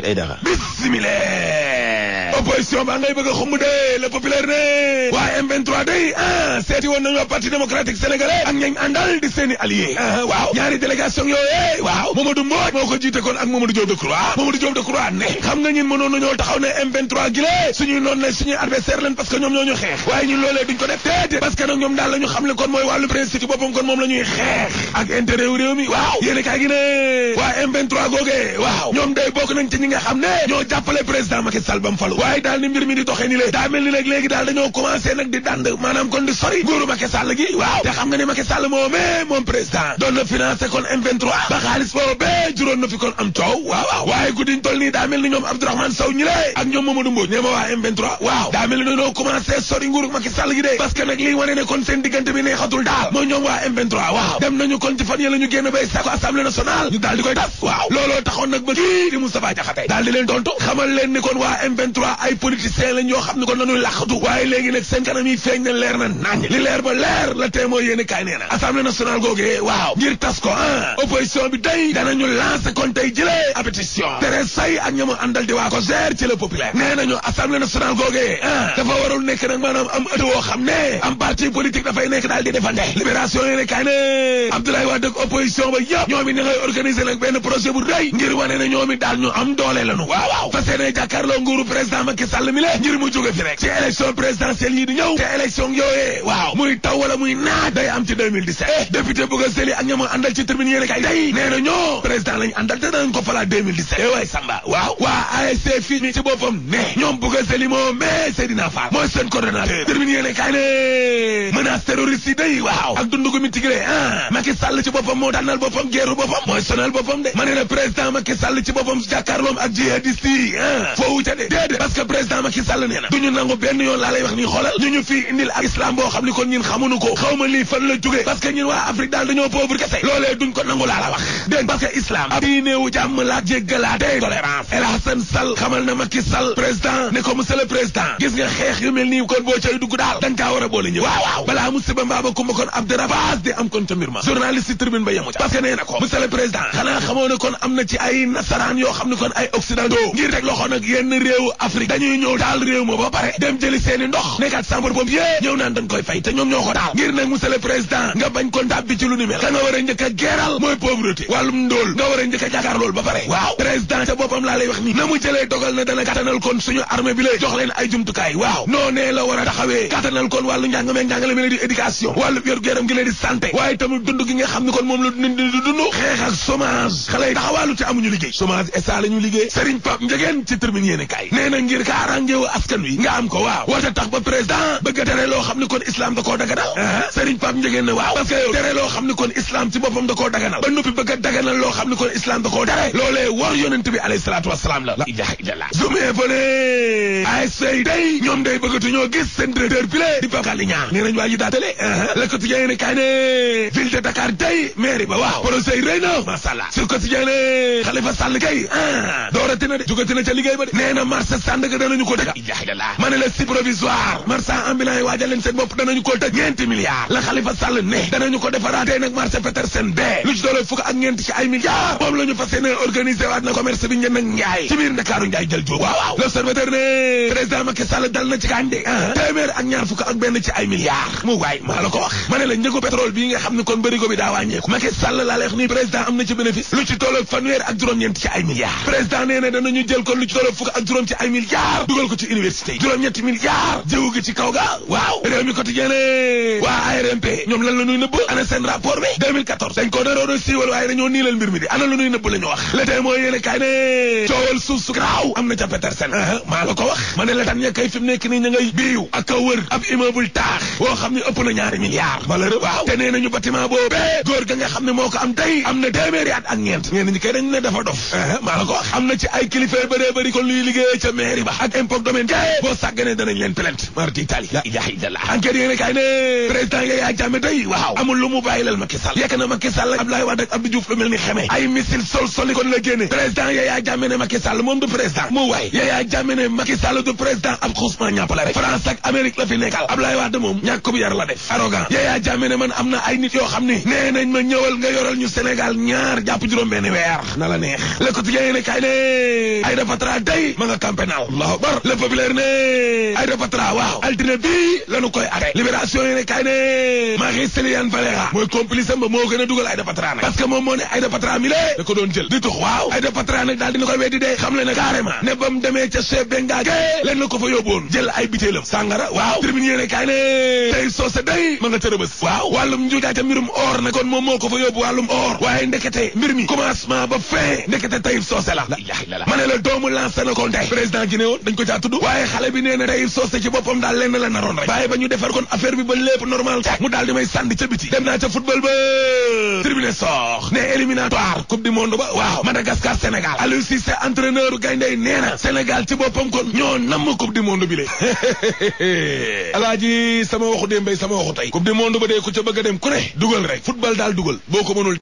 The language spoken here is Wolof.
الإدارة بسم الله opposition ba ngay bëgg a xumb de le populaire ne waa M23 day ah seeti woon na nga parti démocratique sénégalais ak ñañ àndal di seeni allié ah, waaw ñaari délégation yooyee waaw Mamadou Mbodj moo ko jiite kon ak Mamadou Diop Decroix Mamadou Diop Decroix ne xam nga ñun mënoon nañoo taxaw ne M23 gi la suñuy noon la suñuy adversaire lañ parce que ñoom ñoo xeex waaye ñun loolee duñ ko def déedéet parce que nag ñoo waaye daal ni mbir mi di doxee ni lé daa mel ni nag léegi daal dañoo commencé nag di dànd maanaam kon di sori nguuru Macky Sall gi waaw te xam nga ne Macky Sall moomee moom président doon na financé kon M23 ba xaalis boobee juróon na fi kon am coow waaw waaw waaye guddiñ toll nii daa mel ni ñoom Abdourahmane Sow ñi lée ak ñoom Mamadou Mbodj ñee ma waa M23 waaw daa mel dañoo commencé sori nguuru Macky Sall gi dee parce que nag lii wane ne kon seen diggante bi neexatul daal mooy ñoom waa M23 waaw dem nañu kon ci fan yi la ñu génn bay sako assemblée nationale ñu daal di koy tas waaw looloo taxoon nag ba kii di Moustapha Diakhaté daal di leen tontu xamal leen ni kon wa M23 ay politiciens lañ yoo xam ne kon dañuy làqatu waaye léegi nag seen kanam yi feeñ na leer na nañ li leer ba leer la téemoo yéen kaay nee na assemblée nationale googee waaw ngir tas ko ah opposition bi day danañu lancer kon tey jëlee ab pétition tere say ak ñamu àndal di waa ko ger ci le populaire nee nañu assemblée nationale googee ah dafa warul nekk nag maanaam am ëtt woo xam ne am parti politique dafay nekk daal di defande libération yéen kaay ne Abdoulaye Wade ak opposition ba yëpp ñoom it ña ngay organiser nag benn projet bu rëy ngir wane ne ñoom it daal ñu am doole lañu waaw waaw fas yéene jàkkaarloo nguuru Macky Sall mi la ngir mu rek ci élection présidentielle yi di ñëw te élection yooyee waaw muy taw wala muy naaj day am ci 2017 eh député Bouga Seli ak ñama àndal ci tribune yéene kay day nee na ñoo président lañu àndal te danañ ko fala 2017 eh waay Samba waaw waa ASC fii mi ci boppam ne ñoom Bouga Seli moo mais Seydina Fall mooy seen coordonnateur tribune yéene kay ne menace terroriste yi day waaw ak dundu gu ah ma ne na président Macky Sall ci boppam jàkkaarloom ak jihadiste yi ah que du ñu ko nangu laa wax dégg parce que islam ab diineewu jàmm laa jéggalaate El Hassan Sall xamal na Macky Sall président ne ko monsieur le président gis nga xeex yu mel nii kon boo cay dugg daal da nga boole ñëw waaw waaw balaa musiba kumba kon Abdurabas di am kon ca ma journaliste si tribune ba yemu ca nee na ko monsieur le président xanaa xamoo kon am na ci ay nasaraan yoo xam ne kon ay occidentaux ngir teg loxo nag yenn réewu Afrique d'Afrique dañuy ñëw daal réew ma ba pare dem jëli seeni ndox nekkat sapeur pompier ñëw naan dañ koy fay te ñoom ñoo ko daal ngir nag monsieur le président nga bañ ko ndàb bi ci lu ni mel ka a a a a na mu jëlee dogal na dana kattanal kon suñu armée bi lay jox leen ay jumtukaay waaw noo la war a taxawee kattanal kon wàllu njàng njàngale mi di éducation wàllu wér-gu-yaram gi leen di santé waaye tamit dund gi nga xam ni kon moom la dund xeex ak chômage xale yi ngir kaarangewu askan wi nga am ko waaw tax ba président bëgg tere kon islam da daganal Serigne ne waaw parce que tere kon islam ci da daganal ba bëgg daganal kon islam da war yonent bi alayhi la fële day ñoom day tu ñoo gis directeur bi di le quotidien ville de Dakar day mairie ba waaw sur quotidien Khalifa Sall kay ah, ba marché ambulant si provisoire marchand ambulant yi waajal leen seen bopp ko tëj ñeenti milliards la Khalifa Sall ne danañu ko defaraatee nag marché Petersen bee lu doole fukk ak ñeenti ci ay milliards moom waay maa la ko wax ma ne la njëgu pétrole bii nga ak juróom-ñeent ci ay milliards président nee na danañu jël kon lu ci fukk ak juróom ci ay milliards milliards dugal ko ci université yi juróom-ñetti milliards jëwu gi ci kawga waaw réew mi quotidien ne waa RMP ñoom lan la ñuy neub ana sen rapport bi 2014 dañ ko naroon ci wal waaye dañu nilal mbir mi di ana la ñuy neub lañu wax le tay mooy yene kay ne ciowal suuf su graaw am na ca Petersen ma la ko wax mané la tan ña kay fi mu nekk nii ña biiw ak a wër ab immeuble taax bo xamni ëpp na ñaari milliards malheureux waaw té nee nañu bâtiment bo bé gor ga nga xamni moko am tay amna na at ak ñent ñen ñi kay dañ né dafa dof ma la ko wax amna ci ay kilifa bëree bëri ko luy liggéey ca mais mairie ba ak impôt domaine kay boo sàggane danañ leen plainte mardi itali la ilaha illallah enquête yéene kay ne président Yaya Jammeh day waaw amul lu mu bàyyi lal Macky Sall yekk na Macky Sall Abdoulaye lu mel ni ay missile sol soli kon la génne président Yaya Jammeh ne moom du président moo waay Yaya Jammeh ne du président ab xuusma ñàpp France ak Amérique la fi nekkal Abdoulaye Wade moom ñàkk bu yar def arrogant Yaya Jammeh man am الله اكبر لف بلرني اي رفترا واو الدربي لانو كاي اري ليبراسيون ني كاي ني ما غيسليان فاليرا موي كومبليس ما مو غنا دوغال اي دفترا نا باسكو مو موني اي دفترا ميلي دكو دون جيل دي تو واو اي دفترا نا دال دي نكاي ويدي دي خامل نا كارما ني بام دامي تي سي بنغا كي لين نكو فا يوبون جيل اي بيتيلم سانغارا واو تريمينير كاي ني تاي سوس داي ماغا تيربس واو والوم نجوجا تا ميرم اور نا كون مو موكو فا يوب والوم اور واي نديكتي ميرمي كومانسمان با فين نديكتي تاي سوس لا لا لا مانيلو دومو لانسانو كونتاي بريزيدان gi dañ ko caa tudd waaye xale bi nee na tey soosé ci boppam daal lenn la naroon rek bàyyi ba ñu defar kon affaire bi ba lépp normal ca mu daal di may sànni ca biti dem naa ca football ba tribune soox ne éliminatoire coupe du monde ba waaw Madagascar Sénégal Aliou Cissé entraîneur gayndey nee Sénégal ci boppam kon ñoo namm coupe du monde bi le ji sama waxu démb sama waxu tey coupe du monde ba dee ku ca bëgg dem ku ne dugal rek football daal dugal boo ko mënul